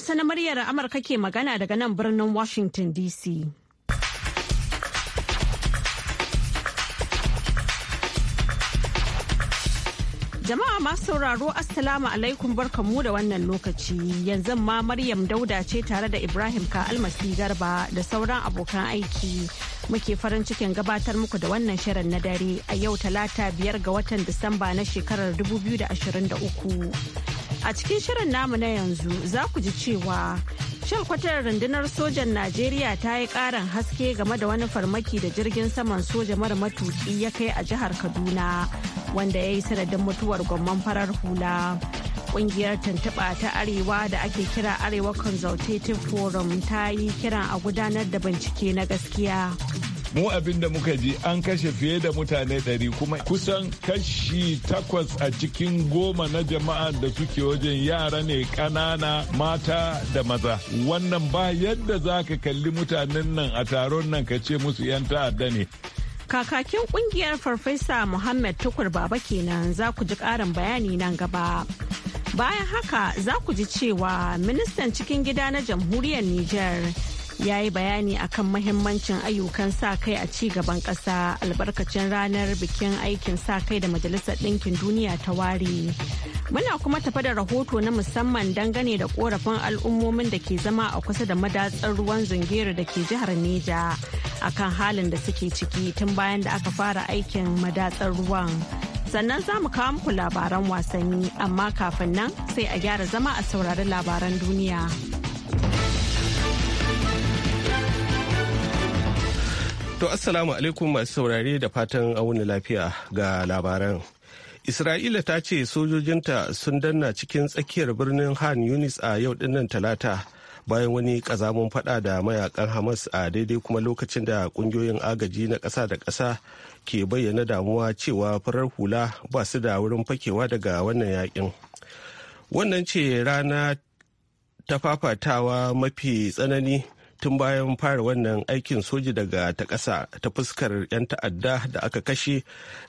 Hausa na muryar Amurka ke magana daga nan birnin Washington DC. Jama'a masu sauraro Assalamu alaikum mu da wannan lokaci yanzu ma Maryam Dauda ce tare da Ibrahim Ka'almasi Garba da sauran abokan aiki muke farin cikin gabatar muku da wannan shirin na dare a yau talata biyar ga watan Disamba na shekarar 2023. A cikin shirin namu na yanzu za ku ji cewa kwatar rundunar sojan Najeriya ta yi ƙarin haske game da wani farmaki da jirgin saman soja mara matuki ya kai a jihar Kaduna wanda ya yi sanadin mutuwar gwamman farar hula. Kungiyar tuntuɓa ta Arewa da ake kira Arewa Consultative Forum ta yi kiran a gudanar da bincike na gaskiya. mu abin da muka ji an kashe fiye da mutane 100 kuma kusan kashi takwas a cikin goma na jama'a da suke wajen yara ne ƙanana mata da maza wannan ba yadda za ka kalli mutanen nan a taron nan ka ce musu 'yan ta'adda ne kakakin kungiyar farfesa muhammad tukur baba kenan za ku ji ƙarin bayani nan gaba bayan haka za ku ji cewa ministan cikin gida na jamhuriyar niger ya yi bayani akan mahimmancin ayyukan sa kai a ci gaban ƙasa albarkacin ranar bikin aikin sa kai da majalisar ɗinkin duniya ta ware. Muna kuma tafa da rahoto na musamman dangane da korafin al'ummomin da ke zama a kusa da madatsar ruwan zungeri da ke jihar Neja akan halin da suke ciki tun bayan da aka fara aikin madatsar ruwan. sannan za mu kawo muku labaran wasanni amma kafin nan sai a gyara zama a saurari labaran duniya. To assalamu alaikum masu saurare da fatan auna lafiya ga labaran. Isra'ila ta ce sojojinta sun danna cikin tsakiyar birnin Han Yunis a yau dinnan talata bayan wani kazamun fada da mayakan Hamas a daidai kuma lokacin da kungiyoyin agaji na ƙasa da ƙasa ke bayyana damuwa cewa farar hula ba su da wurin fakewa daga wannan yakin. Wannan ce rana ta fafatawa mafi tsanani tun bayan fara wannan aikin soji daga ta ƙasa ta fuskar 'yan ta'adda da aka kashe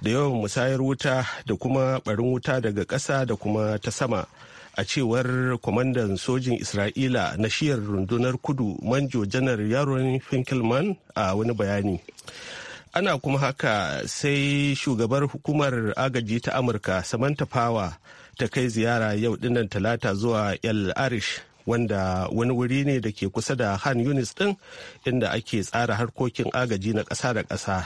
da yawan musayar wuta da kuma barin wuta daga ƙasa da kuma ta sama a cewar kwamandan sojin isra'ila na shiyar rundunar kudu manjo janar yaron finkelman a wani bayani ana kuma haka sai shugabar hukumar agaji ta amurka samantha power ta kai ziyara yau dinnan talata zuwa el arish wanda wani wuri ne da ke kusa da han yunis din inda ake tsara harkokin agaji na ƙasa da ƙasa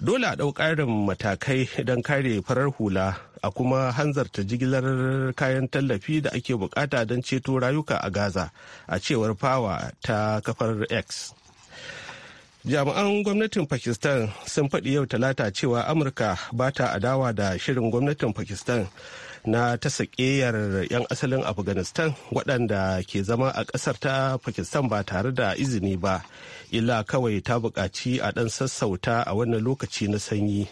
dole a ɗau matakai don kare farar hula a kuma hanzarta jigilar kayan tallafi da ake bukata don ceto rayuka a gaza a cewar fawa ta kafar x jami'an gwamnatin pakistan sun faɗi yau talata cewa amurka ba ta adawa da shirin gwamnatin pakistan na ta sakeyar 'yan asalin afghanistan waɗanda ke zama a ƙasar ta pakistan ba tare da izini ba illa kawai ta buƙaci a ɗan sassauta a wannan lokaci na sanyi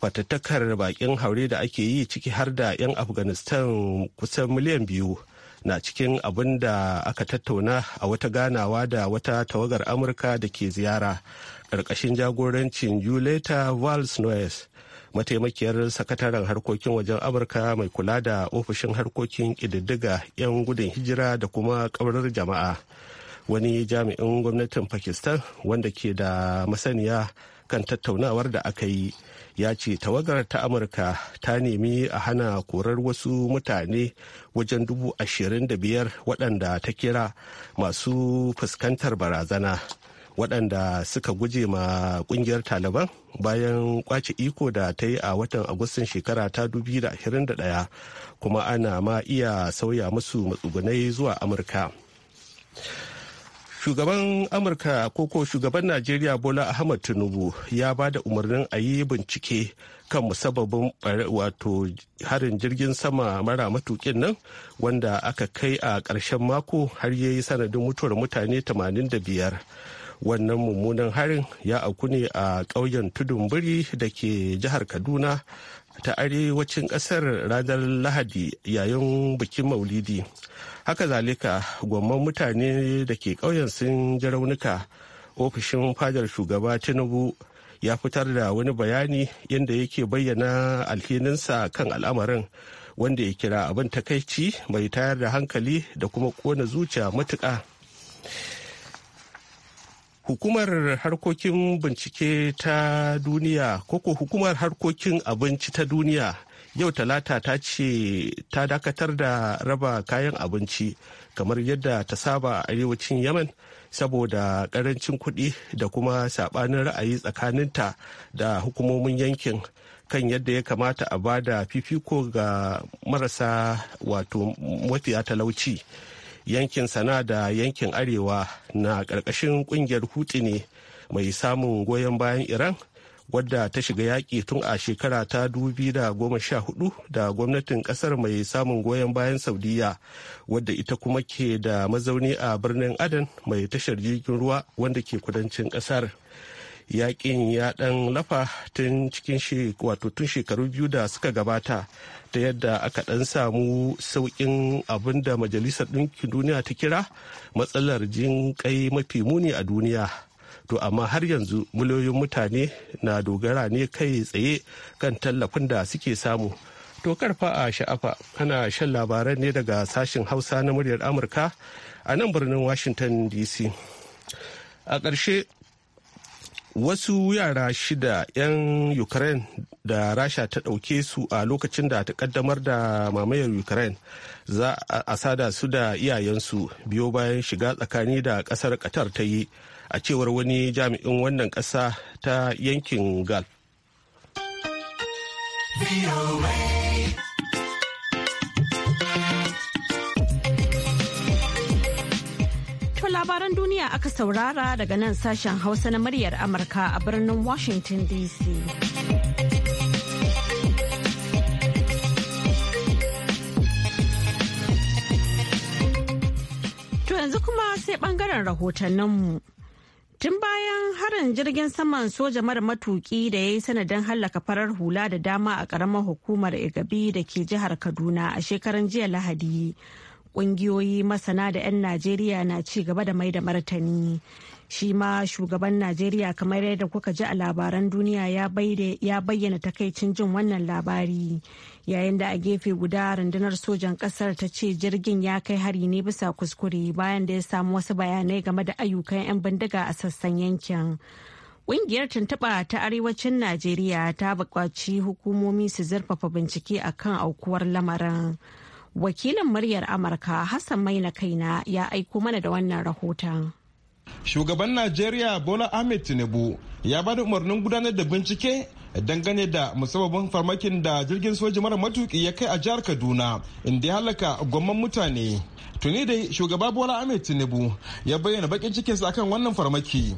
fatattakar baƙin haure da ake yi ciki har da 'yan afghanistan kusan miliyan biyu na cikin abin da aka tattauna a wata ganawa da wata tawagar amurka da ke ziyara ƙarƙashin jagorancin julieta vals noyes mataimakiyar sakataren harkokin wajen amurka mai kula da ofishin harkokin ƙididdiga 'yan gudun hijira da kuma ƙaurar jama'a wani jami'in gwamnatin pakistan wanda ke da masaniya kan tattaunawar da aka yi ya ce tawagar ta amurka ta nemi a hana korar wasu mutane wajen dubu ashirin da biyar waɗanda ta kira masu fuskantar barazana waɗanda suka guje ma ƙungiyar taliban bayan kwace iko da ta yi a watan agustan shekara ta 2021 kuma ana ma iya sauya musu matsugunai zuwa amurka shugaban amurka koko shugaban najeriya bola ahmad tinubu ya ba da umarnin a yi bincike kan musababin wato harin jirgin sama mara matukin nan wanda aka kai a ƙarshen mako har yayi sanadin mutuwar mutane 85 wannan mummunan harin ya auku ne a ƙauyen tudun biri da ke jihar kaduna ta arewacin ƙasar ranar lahadi yayin bikin maulidi haka zalika gwamman mutane da ke ƙauyen sun ji raunuka ofishin fadar shugaba tinubu ya fitar da wani bayani inda yake bayyana alhininsa kan al'amarin wanda ya kira abin takaici mai tayar da hankali da kuma kona zuciya matuƙa hukumar harkokin bincike ta duniya koko hukumar harkokin abinci ta duniya yau talata ta ce ta dakatar da raba kayan abinci kamar yadda ta saba a arewacin yemen saboda karancin kuɗi da kuma saɓanin ra'ayi tsakaninta da hukumomin yankin kan yadda ya kamata a bada fifiko ga marasa wato mafiya talauci yankin sana da yankin arewa na ƙarƙashin ƙungiyar hutu ne mai samun goyon bayan iran wadda ta shiga yaƙi tun a shekara ta 2014 da gwamnatin ƙasar mai samun goyon bayan saudiya wadda ita kuma ke da mazauni a birnin adan mai tashar jirgin ruwa wanda ke kudancin ƙasar. yakin ya dan lafa tun cikin wato tun shekaru biyu da suka gabata ta yadda aka dan samu saukin abin da majalisar ɗinkin duniya ta kira matsalar jin kai mafi muni a duniya to amma har yanzu miliyoyin mutane na dogara ne kai tsaye kan tallafin da suke samu to karfa a sha'afa ana shan labaran ne daga sashen hausa na muryar amurka a nan birnin washington dc a ƙarshe wasu yara shida 'yan ukraine da rasha ta ɗauke su a lokacin da ta kaddamar da mamayar ukraine za a sada su da iyayensu biyo bayan shiga tsakani da ƙasar qatar ta yi a cewar wani jami'in wannan ƙasa ta yankin gulf. labaran duniya aka saurara daga nan sashen Hausa na muryar Amurka a birnin Washington DC. To yanzu kuma sai bangaren rahotanninmu. Tun bayan harin jirgin saman soja mara matuki da ya yi sanadin hallaka farar hula da dama a ƙaramar hukumar Igabi da ke jihar Kaduna a shekaran jiya Lahadi. kungiyoyi masana da 'yan najeriya na ci gaba da mai da martani shi ma shugaban najeriya kamar yadda kuka ji a labaran duniya ya bayyana takaicin jin wannan labari yayin da a gefe guda rundunar sojan kasar ta ce jirgin ya kai hari ne bisa kuskure bayan da ya samu wasu bayanai game da ayyukan 'yan bindiga a sassan yankin Ƙungiyar tuntuɓa ta arewacin Najeriya ta buƙaci hukumomi su zurfafa bincike akan aukuwar lamarin. wakilin muryar amurka hassan maina kaina ya aiko mana da wannan rahoton shugaban najeriya bola ahmed tinubu ya bada umarnin gudanar da bincike dangane da musabbabin farmakin da jirgin soji mara matuki ya kai a jihar kaduna inda ya halaka gwamman mutane tuni da shugaba bola ahmed tinubu ya bayyana bakin cikinsa akan wannan farmaki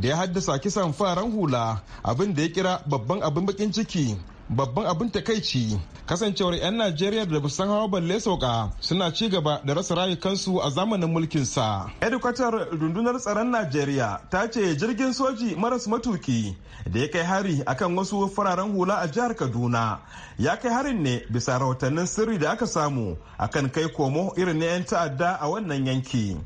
da ya haddasa kisan faran hula abin da ya kira babban abin bakin ciki babban abin takaici kasancewar 'yan najeriya da san hawa balle sauka suna ci gaba da rasa rayukansu a zamanin mulkin sa edukatar rundunar tsaron najeriya ta ce jirgin soji maras matuki da ya kai hari akan wasu fararen hula a jihar kaduna ya kai harin ne bisa rahotannin sirri da aka samu akan kai komo irin na 'yan ta'adda a wannan yanki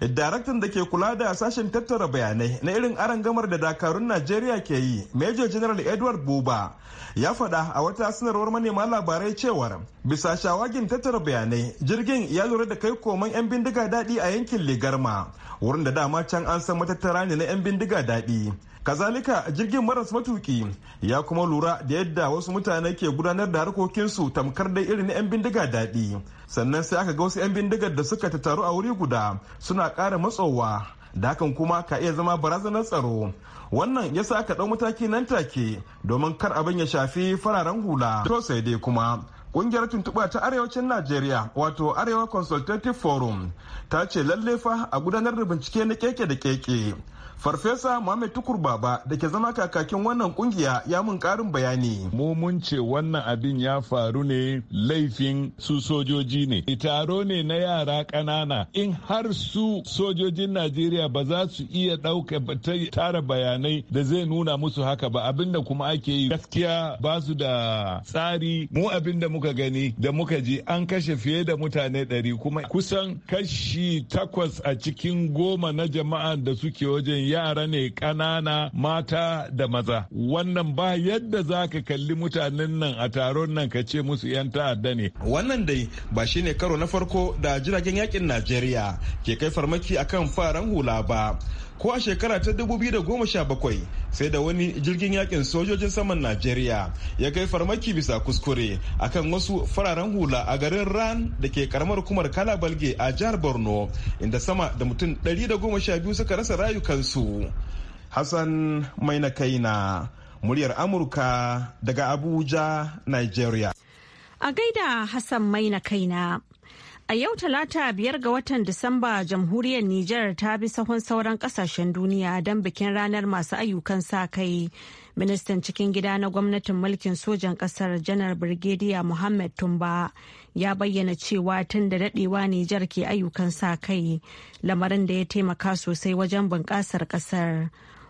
daraktan da ke kula da sashen tattara bayanai na irin gamar da dakarun najeriya ke yi major general edward buba ya faɗa a wata sanarwar manema labarai cewar bisa shawagin tattara bayanai jirgin ya lura da kai koman 'yan bindiga daɗi a yankin ligarma wurin da dama can an san matattara ne na 'yan bindiga daɗi kazalika jirgin maras matuki ya kuma lura da yadda wasu mutane ke gudanar da harkokinsu tamkar dai irin 'yan bindiga daɗi sannan sai aka ga wasu 'yan bindigar da suka tataru a wuri guda suna ƙara matsowa da hakan kuma ka iya zama barazanar tsaro wannan ya sa aka ɗau mataki nan take domin kar abin ya shafi fararen hula to sai dai kuma kungiyar tuntuɓa ta arewacin najeriya wato arewa consultative forum ta ce lalle a gudanar da bincike na keke da keke Farfesa Mohammed Tukur Baba da ke zama kakakin wannan kungiya ya mun karin bayani. Mu mun ce wannan abin ya faru ne laifin su sojoji ne. itaro e, ne na yara ƙanana in har su sojojin Najeriya ba za su iya ɗauka tara bayanai da zai nuna musu haka ba abin da kuma ake yi gaskiya ba su da tsari mu abin da muka gani da muka ji an kashe fiye da mutane ɗari kuma kusan kashi takwas a cikin goma na jama'a da suke wajen yara ne ƙanana mata da maza wannan ba yadda za ka kalli mutanen nan a taron nan ka ce musu 'yan ta'adda ne wannan dai ba shine karo na farko da jiragen yakin najeriya ke kai farmaki akan faran hula ba ko a shekara ta 2017 sai da wani jirgin yakin sojojin saman najeriya ya kai farmaki bisa kuskure akan wasu fararen hula a garin ran da ke karamar kumar kala balge a jihar borno inda sama da mutum 112 suka rasa rayukansu hassan mai kaina muryar amurka daga abuja nigeria a gaida hassan mai kaina A yau talata biyar ga watan Disamba jamhuriyar Nijar ta bi sahun sauran kasashen duniya don bikin ranar masu ayyukan sa kai. Ministan cikin gida na gwamnatin mulkin sojan kasar janar Birgediya Muhammad Tumba ya bayyana cewa tun da dadewa Nijar ke ayyukan sa kai lamarin da ya taimaka sosai wajen bunƙasar kasar.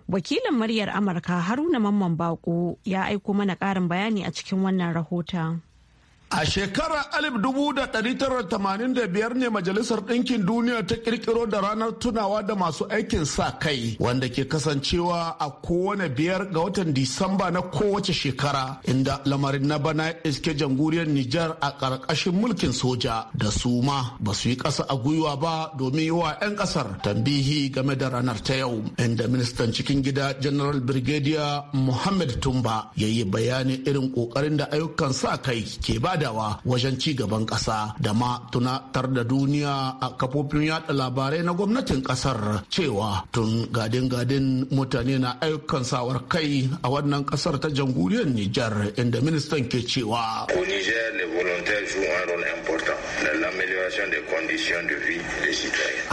Wakilin muryar Amurka Haruna Mamman Bako ya aiko mana ƙarin bayani a cikin wannan rahoton. A shekara 1985 ne Majalisar Ɗinkin Duniya ta ƙirƙiro da ranar tunawa da masu aikin sa kai wanda ke kasancewa a kowane biyar ga watan Disamba na kowace shekara inda lamarin na bana iske jamhuriyar Nijar a ƙarƙashin mulkin soja da suma ba su yi ƙasa a gwiwa ba domin yi wa 'yan ƙasar tambihi game da ranar ta yau inda ministan cikin gida General Brigadier Muhammad Tumba ya yi bayani irin ƙoƙarin da ayyukan sa kai ke ba da badawa wajen ci gaban kasa da ma tunatar da duniya a kafofin yada labarai na gwamnatin kasar cewa tun gadin-gadin mutane na ayyukan sawar kai a wannan kasar ta jamhuriyar Nijar inda ministan ke cewa. Niger, le volontaires jouent un rôle important dans l'amélioration des conditions de vie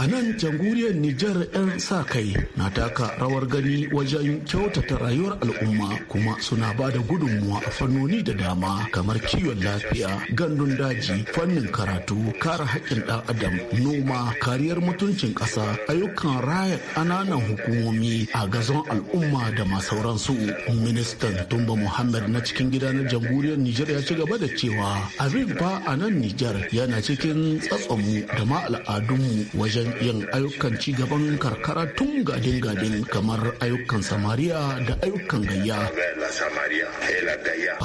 A nan jamhuriyar Nijar 'yan sa kai na taka rawar gani wajen kyautata rayuwar al'umma kuma suna ba da gudunmuwa a fannoni da dama kamar kiwon lafiya, gandun daji, fannin karatu, kare haƙƙin ɗan adam, noma, kariyar mutuncin ƙasa, ayyukan raya ƙananan hukumomi a gazon al'umma da ma sauransu. Ministan Tumba Muhammad na cikin gida na jamhuriyar Nijar ya ci gaba da cewa abin ba a nan Nijar yana cikin tsatsamu da ma al'adunmu wajen yin ayyukan ci gaban karkara tun gadin-gadin kamar ayyukan samariya da ayyukan gayya.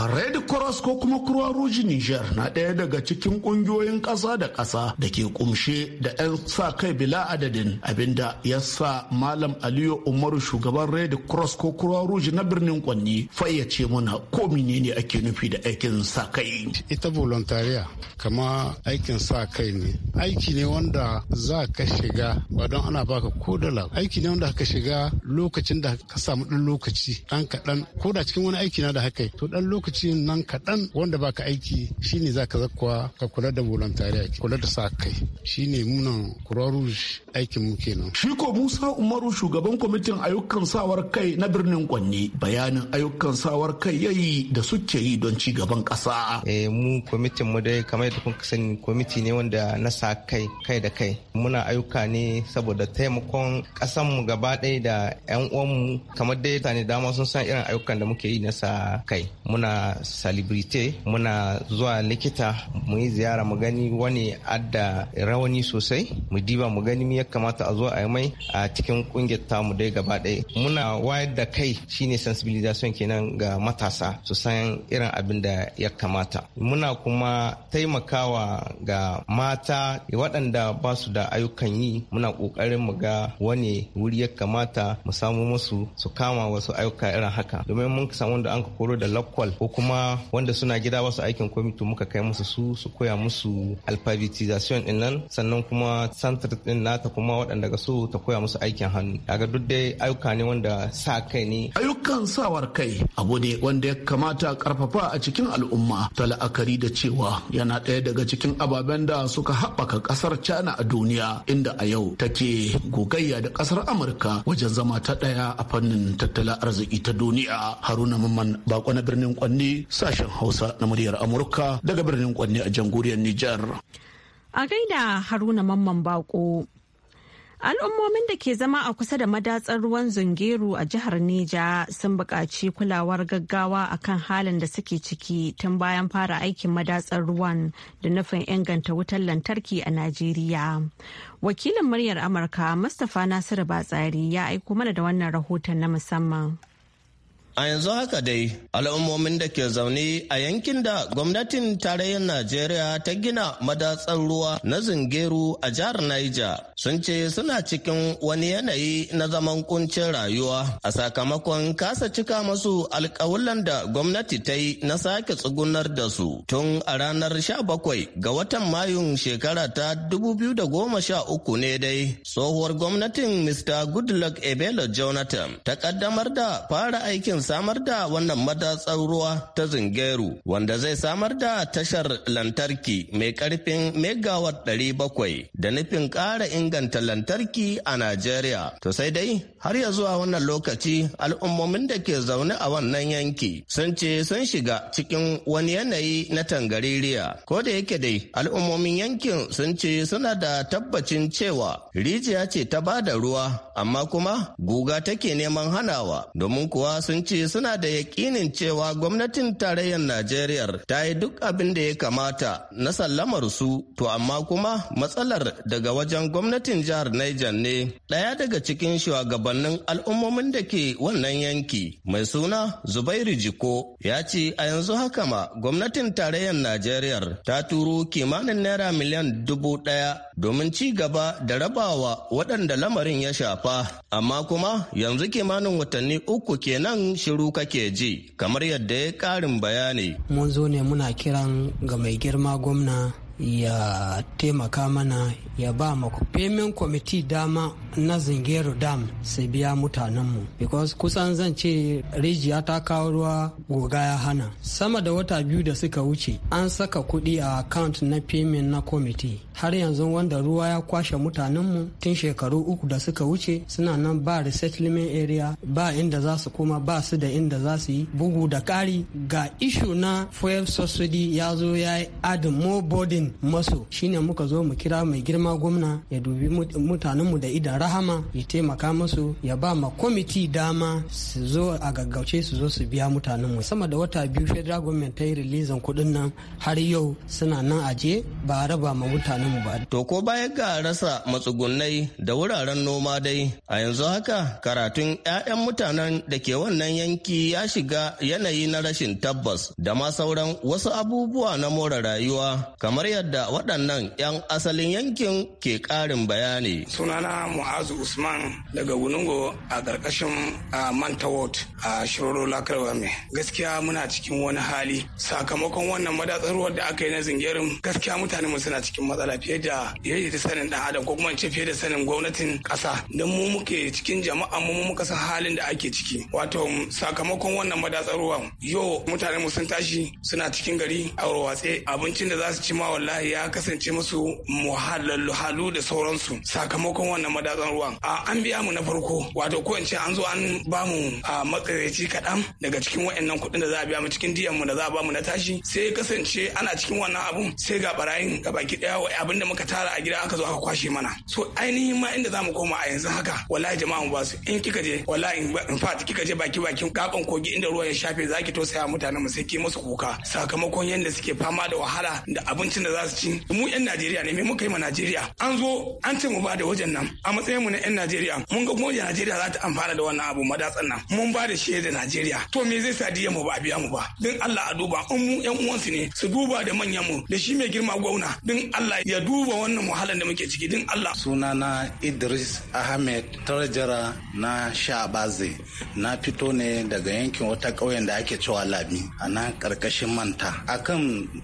Red Cross ko kuma Croix Rouge Niger na ɗaya daga cikin ƙungiyoyin ƙasa da ƙasa da ke kumshe da 'yan sa kai bila adadin abinda ya sa Malam Aliyu Umaru shugaban Red Cross ko Croix Rouge na birnin Kwanni fayyace mana ko menene ake nufi da aikin sa kai. Ita volontariya kama aikin sa kai ne. Aiki ne wanda za ka shiga ba don ana baka ko dala. Aiki ne wanda ka shiga lokacin da ka samu ɗan lokaci ɗan kaɗan ko da cikin wani aiki na da haka to ɗan lokaci lokacin nan kaɗan wanda baka aiki shine za ka zakwa ka kula da volontariat kula da sa kai shine muna croix rouge aikin mu kenan shiko ko musa umaru shugaban kwamitin ayyukan sawar kai na birnin kwanne bayanin ayyukan sawar kai yayi da suke yi don ci gaban ƙasa eh mu kwamitin mu dai kamar da kun sani kwamiti ne wanda na sa kai kai da kai muna ayyuka ne saboda taimakon ƙasan mu gaba ɗaya da 'yan mu kamar dai tani dama sun san irin ayyukan da muke yi na sa kai muna muna salibrite muna zuwa likita mu yi ziyara mu gani wani adda rawani sosai mu diba mu gani ya kamata a zuwa a yi mai a cikin kungiyar tamu dai gaba ɗaya muna wayar da kai shine sensibilization kenan ga matasa su san irin abin da ya kamata muna kuma taimakawa ga mata waɗanda ba su da ayyukan yi muna ƙoƙarin mu ga wani wuri ya kamata mu samu musu su kama wasu ayyuka irin haka domin mun samu da an koro da lakwal ko kuma wanda suna gida wasu aikin kwamiti muka kai musu su su koya musu alfabetization din nan sannan kuma santar din nata kuma waɗanda ga so ta koya musu aikin hannu daga duk dai ayyuka ne wanda sa kai ne ayyukan sawar kai abu ne wanda ya kamata karfafa a cikin al'umma ta la'akari da cewa yana ɗaya daga cikin ababen da suka haɓaka ƙasar China a duniya inda a yau take gogayya da ƙasar Amurka wajen zama ta ɗaya a fannin tattalin arziki ta duniya Haruna Mamman bako na birnin Kwanni sashen Hausa na muryar Amurka daga birnin Kwanni a jamhuriyar Nijar. A gaida Haruna Mamman Bako. Al'ummomin da ke zama a kusa da madatsar ruwan Zungeru a jihar Neja sun buƙaci kulawar gaggawa a kan halin da suke ciki tun bayan fara aikin madatsar ruwan da nufin inganta wutar lantarki a Najeriya. Wakilin muryar Amurka Mustapha Nasiru Batsari ya aiko mana da wannan rahoton na musamman. A yanzu haka dai, al'ummomin da ke zaune a yankin da gwamnatin tarayyar Najeriya ta gina madatsar ruwa na zingeru a jihar Niger sun ce suna cikin wani yanayi na zaman kuncin rayuwa a sakamakon kasa cika masu alkawulan da gwamnati ta yi na sake tsugunar da su tun a ranar 17 ga watan Mayun shekara ta 2013 ne dai. Tsohuwar gwamnatin Mr. Goodluck Ebelo Jonathan ta kaddamar da fara aikin samar da wannan madatsar ruwa ta Zingeru wanda zai samar da tashar lantarki mai karfin ɗari bakwai da nufin ƙara inganta lantarki a Najeriya. To sai dai har ya zuwa wannan lokaci al'ummomin da ke zaune a wannan yanki sun ce sun shiga cikin wani yanayi na tangaririya. Ko da yake dai al'ummomin yankin sun ce suna da tabbacin cewa rijiya ce ta ba da ruwa amma kuma guga take neman hanawa domin kuwa sun ce ce suna da yakinin cewa gwamnatin tarayyar Najeriya ta yi duk abin da ya kamata na sallamar su to amma kuma matsalar daga wajen gwamnatin jihar Niger ne ɗaya daga cikin shugabannin al'ummomin da ke wannan yanki mai suna Zubairu Jiko ya ce a yanzu haka ma gwamnatin tarayyar Najeriya ta turo kimanin naira miliyan dubu ɗaya domin ci gaba da rabawa waɗanda lamarin ya shafa amma kuma yanzu kimanin watanni uku kenan shiru kake ji kamar yadda ya karin bayani. Mun zo ne muna kiran ga mai girma gwamna ya taimaka mana ya ba ma payment committee dama na zingero dam sai biya mutanenmu because kusan zan ce rijiya ta kawo ruwa goga ya hana sama da wata biyu da suka wuce an saka kuɗi a account na payment na committee har yanzu wanda ruwa ya kwashe mutanenmu tun shekaru uku da suka wuce suna nan ba resettlement area ba inda za su kuma ba su da inda za su yi bugu da ƙari ga ishu na fuel subsidy ya zo ya yi adin more burden maso shine muka zo mu kira mai girma gwamna ya dubi mutanenmu da idan rahama ya taimaka musu ya ba ma kwamiti dama su zo a gaggauce su zo su biya mutanenmu sama da wata biyu federal government ta yi rilizan kudin nan har yau suna nan aje ba a raba ma mutanenmu ba. To ko baya ga rasa matsugunai da wuraren noma dai a yanzu haka karatun 'ya'yan mutanen da ke wannan yanki ya shiga yanayi na rashin tabbas da ma sauran wasu abubuwa na more rayuwa kamar yadda waɗannan 'yan asalin yankin ke ƙarin bayani. Sunana Mu'azu Usman daga Wulungo a ƙarƙashin Manta Ward a Shiroro mai. Gaskiya muna cikin wani hali sakamakon wannan madatsarwar da aka yi na zingirin gaskiya mutane mu suna cikin matsala fiye da yadda ta sanin ɗan adam ko kuma ce fiye da sanin gwamnatin ƙasa don mu muke cikin jama'a mu muka san halin da ake ciki wato sakamakon wannan madatsarwar yau mutane mu sun tashi suna cikin gari a watse abincin da za su ci ma wallahi ya kasance musu muhallalu da sauransu sakamakon wannan madatsan ruwan a an biya mu na farko wato ko ince an zo an ba mu a kaɗan daga cikin wayannan kuɗin da za a biya mu cikin diyan mu da za a ba mu na tashi sai ya kasance ana cikin wannan abun sai ga barayin ga baki ɗaya wa abinda da muka tara a gida aka zo aka kwashe mana so ainihin ma inda za mu koma a yanzu haka wallahi jama'a mu ba su in kika je wallahi in fact kika je baki bakin gaban kogi inda ruwan ya shafe zaki tosaya mutanen mu sai ki musu kuka sakamakon yadda suke fama da wahala da abincin da za su ci mu yan najeriya ne me muka yi ma najeriya an zo an ce mu ba da wajen nan a matsayin mu na yan najeriya mun ga gwamnatin najeriya za ta amfana da wannan abu madatsan nan mun ba da shi da najeriya to me zai sa diya mu ba biya mu ba din allah a duba in mu yan uwansu ne su duba da manyan mu da shi mai girma gwamna din allah ya duba wannan muhallan da muke ciki din allah sunana idris ahmed tarjara na shabaze na fito ne daga yankin wata ƙauyen da ake cewa labi a nan ƙarƙashin manta akan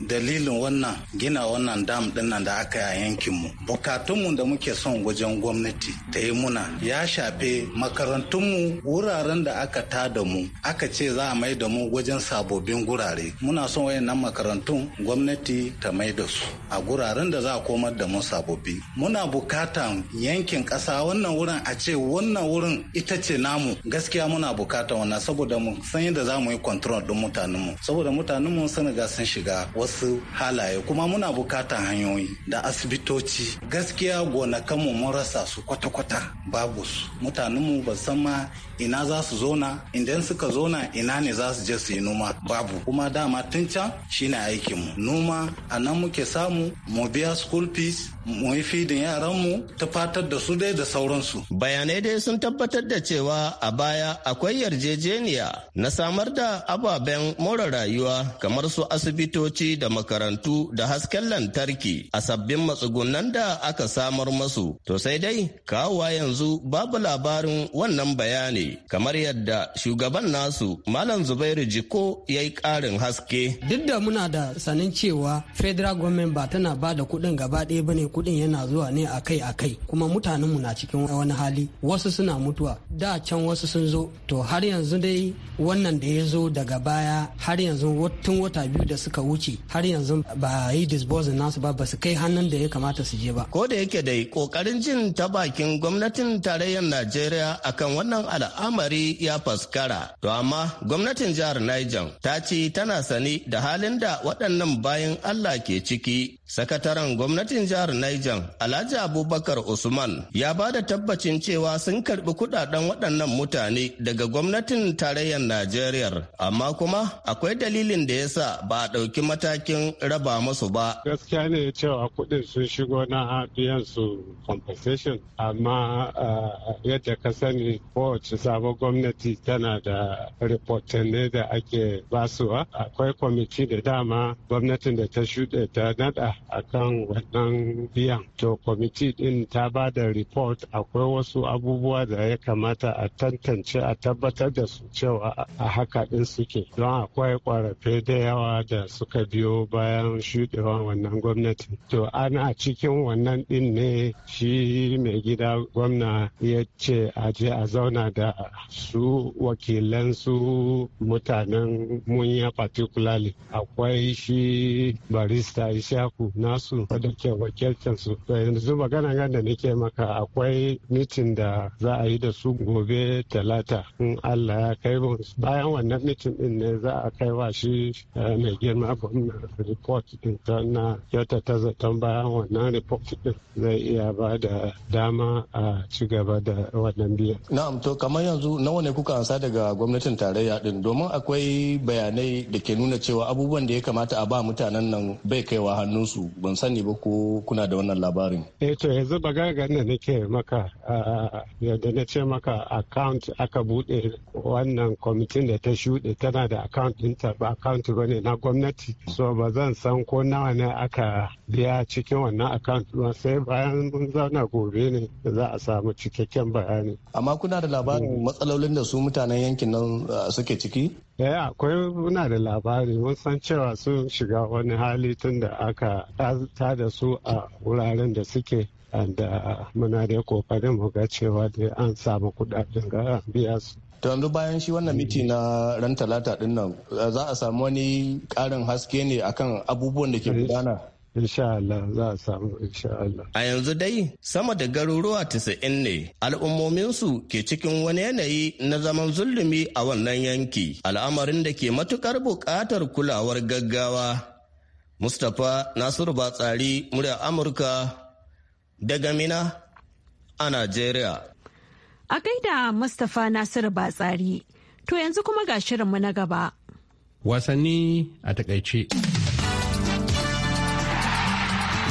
dalilin wannan gina gina wannan dam din nan da aka yi a yankinmu bukatunmu da muke son wajen gwamnati ta yi muna ya shafe makarantunmu wuraren da aka ta da mu aka ce za a mai da mu wajen sababbin gurare muna son wayannan makarantun gwamnati ta mai da su a guraren da za a komar da mu sababbi muna bukatan yankin ƙasa wannan wurin a ce wannan wurin ita ce namu gaskiya muna bukatan wannan saboda mu san yadda za mu yi control din mutanenmu saboda mutanenmu sun riga sun shiga wasu halaye kuma muna muna bukatan hanyoyi da asibitoci gaskiya gonakanmu mun rasa su kwata-kwata babu su mutanenmu ba san ma ina za su zona idan suka zona ina ne za su je su yi noma babu kuma dama tun can shine aikinmu noma a nan muke samu mu biya school fees mu yi fidin yaranmu fatar da su dai da sauransu bayanai dai sun tabbatar da cewa a baya akwai yarjejeniya na samar da ababen more rayuwa kamar su asibitoci da makarantu da haske hasken lantarki a sabbin matsugunan da aka samar masu. To sai dai kawowa yanzu babu labarin wannan bayani kamar yadda shugaban nasu Malam Zubairu Jiko ya yi ƙarin haske. Duk da muna da sanin cewa federal government ba tana ba da kuɗin gaba ɗaya ba ne kuɗin yana zuwa ne akai akai kuma mutanenmu na cikin wani hali wasu suna mutuwa da can wasu sun zo to har yanzu dai wannan da ya zo daga baya har yanzu tun wata biyu da suka wuce har yanzu ba yi disposal nasu ba basu kai hannun da ya kamata su je ba ko da yake dai kokarin jin ta bakin gwamnatin tarayyar najeriya akan wannan al'amari ya faskara to amma gwamnatin jihar niger ta ce tana sani da halin da waɗannan bayan allah ke ciki Sakataren gwamnatin jihar Niger, Alhaji Abubakar Usman, ya ba da tabbacin cewa sun karɓi kudaden waɗannan mutane daga gwamnatin tarayyar Najeriya, amma kuma akwai dalilin da ya sa ba a ɗauki matakin raba musu ba. Gaskiya ne cewa kuɗin sun shigo na biyan su compensation, amma eh, yadda ka sani kowace sabon gwamnati tana da ne da ake basuwa. Akwai kwamiti da dama gwamnatin da ta shuɗe ta nada. a kan wannan biyan to kwamiti din ta ba da report akwai wasu abubuwa da ya kamata a tantance a tabbatar da su cewa a haka din suke don akwai kwarafe da yawa da suka biyo bayan shudewa wannan gwamnati to ana cikin wannan din ne shi mai gida gwamna ya ce a je a zauna da su wakilan su mutanen munya particularly akwai shi barista ishaku nasu da ke wakilcin su yanzu magana gan da nake maka akwai mitin da za a yi da su gobe talata in allah ya kai bayan wannan mitin din ne za a kai wa shi eh, mai girma gwamna report din na kyauta ta zaton bayan wannan report din zai iya ba da dama a ci gaba da wannan biyan. na'am to kamar yanzu nawa ne kuka ansa daga gwamnatin tarayya din domin akwai bayanai da ke nuna cewa abubuwan da ya kamata a ba mutanen nan bai kaiwa su. su ban sani ba ko kuna da wannan labarin eh to yanzu bagagan da nake maka yadda na ce maka account aka bude wannan kwamitin da ta shuɗe tana da account ɗinta ba account ba ne na gwamnati so ba zan san ko nawa ne aka biya cikin wannan account ba sai bayan mun zauna gobe ne za a samu cikakken bayani amma kuna da labarin mm. matsalolin da su mutanen yankin nan suke ciki Eh akwai muna da labari mun san cewa sun shiga wani hali tun da aka da su a wuraren da suke da muna da kokarin mu ga cewa dai an samu kudaden ga biya su. To yanzu bayan shi wannan miti na ran talata din za a samu wani karin haske ne akan abubuwan da ke gudana. insha za a samu insha A yanzu dai sama da garuruwa tisa'in ne al'ummominsu ke cikin wani yanayi na zaman zulumi a wannan yanki al'amarin da ke matukar buƙatar kulawar gaggawa. Mustapha Nasiru Batsari murya Amurka daga Mina a Najeriya. A gaida Mustapha Nasiru Batsari to yanzu kuma ga shirinmu na gaba. Wasanni a takaice.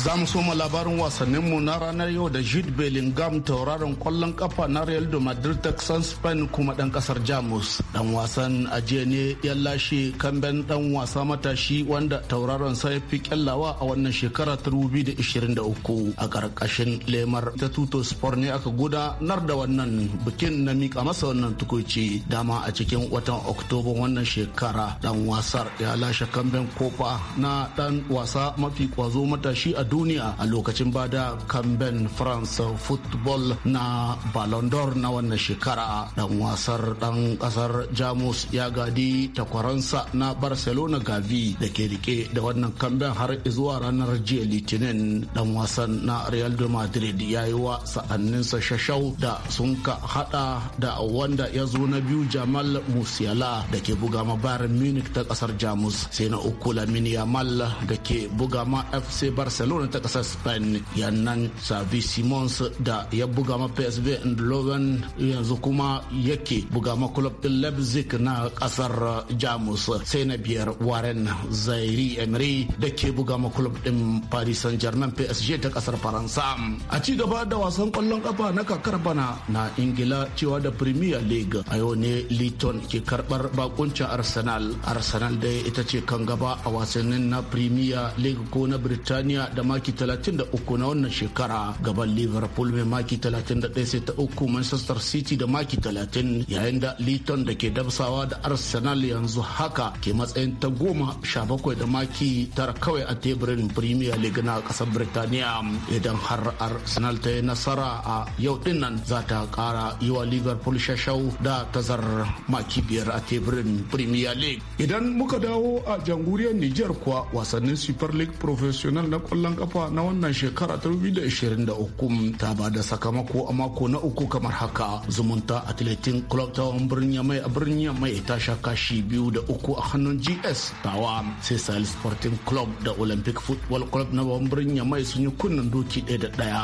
Za mu soma labarin wasanninmu na ranar yau da Jude Bellingham tauraron kwallon kafa na Real de Madrid Texan Spain kuma ɗan ƙasar Jamus. Dan wasan ajiye ne ya lashe kamben dan wasa matashi wanda tauraron sai fi kyallawa a wannan shekara ta 2023. A ƙarƙashin lemar ta Tuto Sport ne aka gudanar da wannan bikin na mika masa wannan tukuci dama a cikin watan Oktoba wannan shekara dan wasar ya lashe kamben kofa na dan wasa mafi kwazo matashi a duniya a lokacin bada kamben france football na ballon d'or na wannan shekara dan wasar dan kasar jamus ya gadi takwaransa na barcelona gavi da ke rike da wannan kamben har zuwa ranar jiya litinin dan wasan na real de madrid ya yi wa sa'anninsa shashau da sun ka hada da wanda ya zo na biyu jamal musiala da ke buga ma bayern munich ta kasar jamus sai na uku lamini yamal da ke buga ma fc barcelona barcelona ta kasar spain yannan savi simons da ya buga ma psv eindhoven yanzu kuma yake buga ma club din leipzig na kasar jamus sai na biyar warren zairi emery da ke buga ma club din paris saint germain psg ta kasar faransa a ci gaba da wasan kwallon kafa na kakar bana na ingila cewa da premier league a yau ne Luton ke karbar bakuncin Arsenal. Arsenal da ita ce kan gaba a wasannin na Premier League ko na Birtaniya da maki 33 na wannan shekara gaban liverpool mai maki 31 sai ta uku manchester city da maki 30 yayin da liton da ke dabsawa da Arsenal yanzu haka ke matsayin ta goma sha bakwai da maki tara kawai a teburin Premier League na kasar Birtaniya idan har Arsenal ta yi nasara a yau dinnan za ta kara yi wa Liverpool shashau da tazar maki biyar a teburin Premier League. Idan muka dawo a jamhuriyar Nijar kuwa wasannin Super League Professional na kwallon kafa na wannan shekara ta 2023 ta ba da sakamako a mako na uku kamar haka zumunta athletic club ta birnin yamai a birnin yamai ta sha kashi biyu da uku a hannun gs tawa sai sahel sporting club da olympic football club na babban birnin yamai sun yi kunnen doki ɗaya da ɗaya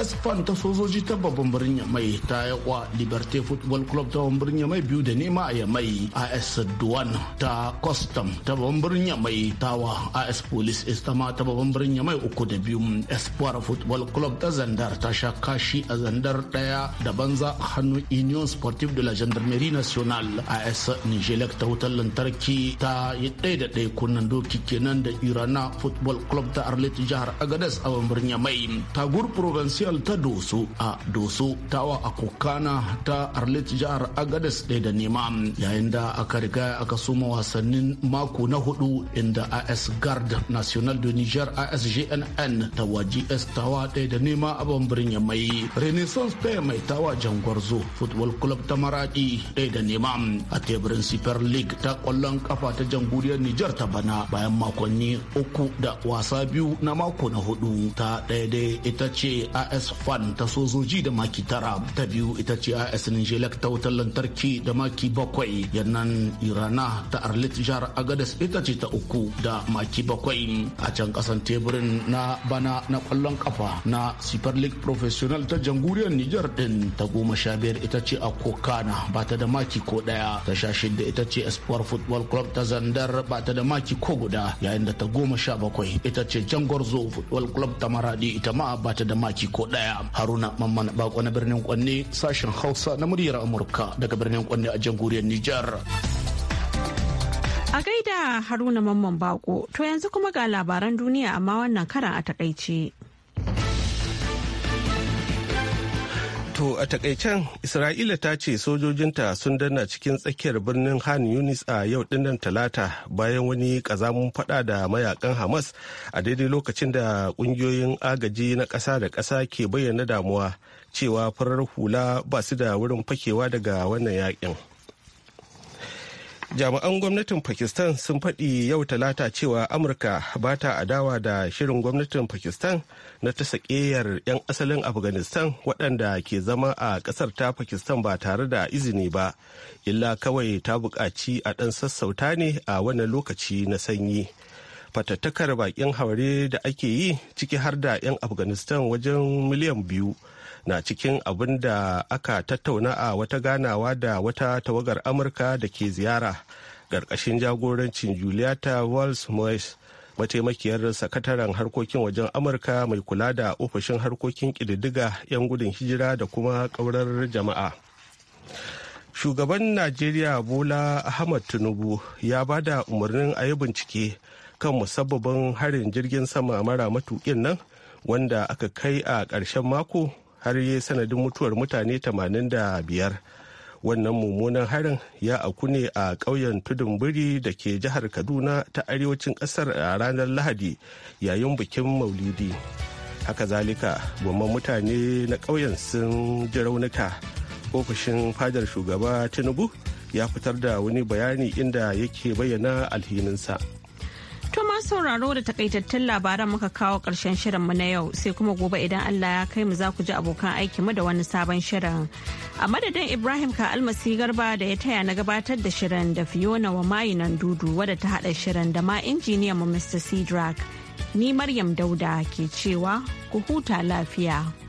as fan ta sojoji ta babban birnin yamai ta wa liberty football club ta wani birnin yamai biyu da nema a yamai as duwan ta custom ta babban birnin yamai tawa as police ita ma ta babban birnin yamai uku uku da biyu mm, espoir football club ta zandar ta sha kashi a zandar daya da banza hannu union sportive de la gendarmerie nationale as nigelec ta wutar lantarki ta yi ɗaya da ɗaya kunnan doki kenan da irana football club ta arlet jihar agades a birnin mai tagur provincial ta doso a doso tawa a kokana ta arlet jihar agades ɗaya da nema yayin da aka riga aka soma wasannin mako na hudu inda as guard national de niger asgl CNN ta gs tawa ɗaya da nema a bambirin ya mai renaissance pay mai tawa jangwarzo football club ta maradi ɗaya da nema a teburin super league ta kwallon kafa ta jamhuriyar nijar ta bana bayan makonni uku da wasa biyu na mako na hudu ta ɗaya dai ita ce as fan ta sojoji da maki tara ta biyu ita ce as nijelek ta wutar lantarki da maki bakwai yannan irana ta arlit jihar agadas ita ce ta uku da maki bakwai a can kasan teburin na bana na kwallon kafa na super league professional ta jamhuriyar niger din ta goma sha biyar ita ce a kokana ba ta da maki ko daya ta sha shida ita ce espoir football club ta zandar ba ta da maki ko guda yayin da ta goma sha bakwai ita ce jangorzo football club ta maradi ita ma ba ta da maki ko daya haruna mamman bako na birnin kwanne sashen hausa na muryar amurka daga birnin kwanne a jamhuriyar niger A gaida Haruna Mamman Bako, to yanzu kuma ga labaran duniya amma wannan karan a takaice. To a takaicen Isra'ila ta ce sojojinta sun danna cikin tsakiyar birnin Han Yunis a yau dinnan talata bayan wani kazamun fada da mayakan Hamas a daidai lokacin da kungiyoyin agaji na ƙasa da ƙasa ke bayyana damuwa cewa farar hula ba su da wurin fakewa daga wannan yakin. jami'an gwamnatin pakistan sun faɗi yau talata cewa amurka ba ta adawa da shirin gwamnatin pakistan na ta sakeyar 'yan asalin afghanistan waɗanda ke zama a ƙasar ta pakistan ba tare da izini ba illa kawai ta buƙaci a ɗan sassauta ne a wani lokaci na sanyi fatattakar baƙin haure da ake yi ciki har da 'yan afghanistan wajen miliyan biyu na cikin abin da aka tattauna a wata ganawa da wata tawagar amurka da ke ziyara ƙarƙashin jagorancin julieta wals moyes mataimakiyar sakataren harkokin wajen amurka mai kula da ofishin harkokin ƙididdiga 'yan gudun hijira da kuma ƙaurar jama'a shugaban najeriya bola ahmad tinubu ya ba da umarnin a yi bincike kan musabbabin harin jirgin sama mara matukin nan wanda aka kai a ƙarshen mako har yi sanadin mutuwar mutane 85 wannan mummunan harin ya aku ne a ƙauyen tudun biri da ke jihar kaduna ta arewacin ƙasar a ranar lahadi yayin bikin maulidi haka zalika gomman mutane na ƙauyen sun ji raunuka ofishin fadar shugaba tinubu ya fitar da wani bayani inda yake bayyana alhininsa. sauraro da takaitattun labaran muka kawo ƙarshen mu na yau sai kuma gobe idan Allah ya kai mu za ku ji abokan aiki mu da wani sabon shirin. A madadin Ibrahim ka almasi garba da ya taya na gabatar da shirin da Fiona wa mayinan dudu wadda ta haɗa shirin da ma injiniyan mu Mr. Cedric. Ni Maryam Dauda ke cewa ku huta lafiya.